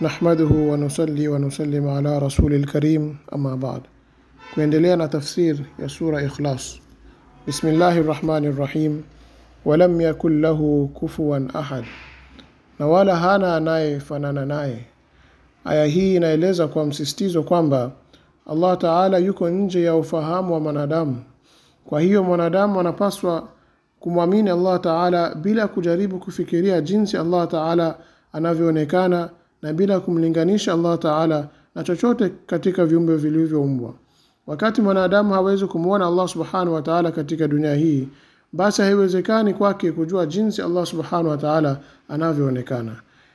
nahmaduhu wa nusalli wa nusallim ala rasulil karim amma ba'd. Kuendelea na tafsir ya sura Ikhlas. Bismillahir Rahmanir Rahim. Walam yakun lahu kufuwan ahad, na wala hana anayefanana naye. Aya hii inaeleza kwa msisitizo kwamba Allah Taala yuko nje ya ufahamu wa mwanadamu. Kwa hiyo mwanadamu anapaswa kumwamini Allah Taala bila kujaribu kufikiria jinsi Allah Taala anavyoonekana na bila kumlinganisha Allah Ta'ala na chochote katika viumbe vilivyoumbwa. Wakati mwanadamu hawezi kumwona Allah Subhanahu wa Ta'ala katika dunia hii, basi haiwezekani kwake kujua jinsi Allah Subhanahu wa Ta'ala anavyoonekana.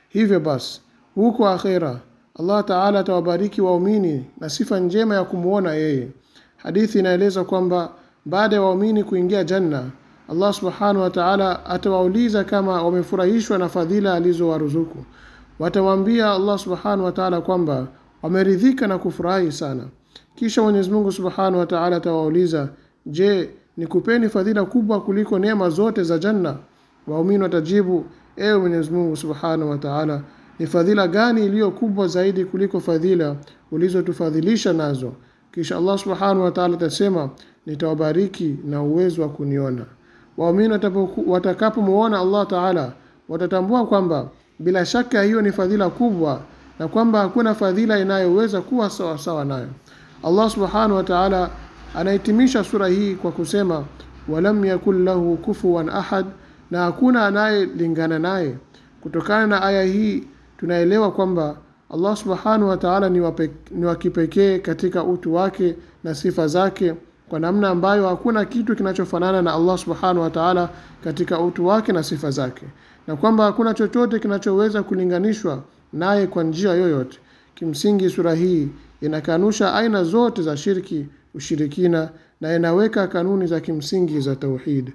Hivyo basi, huko akhera Allah Ta'ala atawabariki waumini na sifa njema ya kumwona yeye. Hadithi inaeleza kwamba baada ya waumini kuingia janna, Allah Subhanahu wa Ta'ala atawauliza kama wamefurahishwa na fadhila alizowaruzuku watawaambia Allah subhanahu wa ta'ala kwamba wameridhika na kufurahi sana. Kisha Mwenyezi Mungu subhanahu wa ta'ala atawauliza, je, nikupeni fadhila kubwa kuliko neema zote za janna? Waumini watajibu, ewe Mwenyezi Mungu subhanahu wa ta'ala, ni fadhila gani iliyo kubwa zaidi kuliko fadhila ulizotufadhilisha nazo? Kisha Allah subhanahu wa ta'ala atasema, nitawabariki na uwezo wa kuniona. Waumini watakapomuona Allah ta'ala watatambua kwamba bila shaka hiyo ni fadhila kubwa, na kwamba hakuna fadhila inayoweza kuwa sawasawa sawa nayo. Allah subhanahu wa taala anahitimisha sura hii kwa kusema walam yakun lahu kufuwan ahad, na hakuna anayelingana naye. Kutokana na aya hii tunaelewa kwamba Allah subhanahu wa taala ni wa kipekee katika utu wake na sifa zake, kwa namna ambayo hakuna kitu kinachofanana na Allah subhanahu wa taala katika utu wake na sifa zake na kwamba hakuna chochote kinachoweza kulinganishwa naye kwa njia yoyote. Kimsingi, sura hii inakanusha aina zote za shirki, ushirikina na inaweka kanuni za kimsingi za tauhid.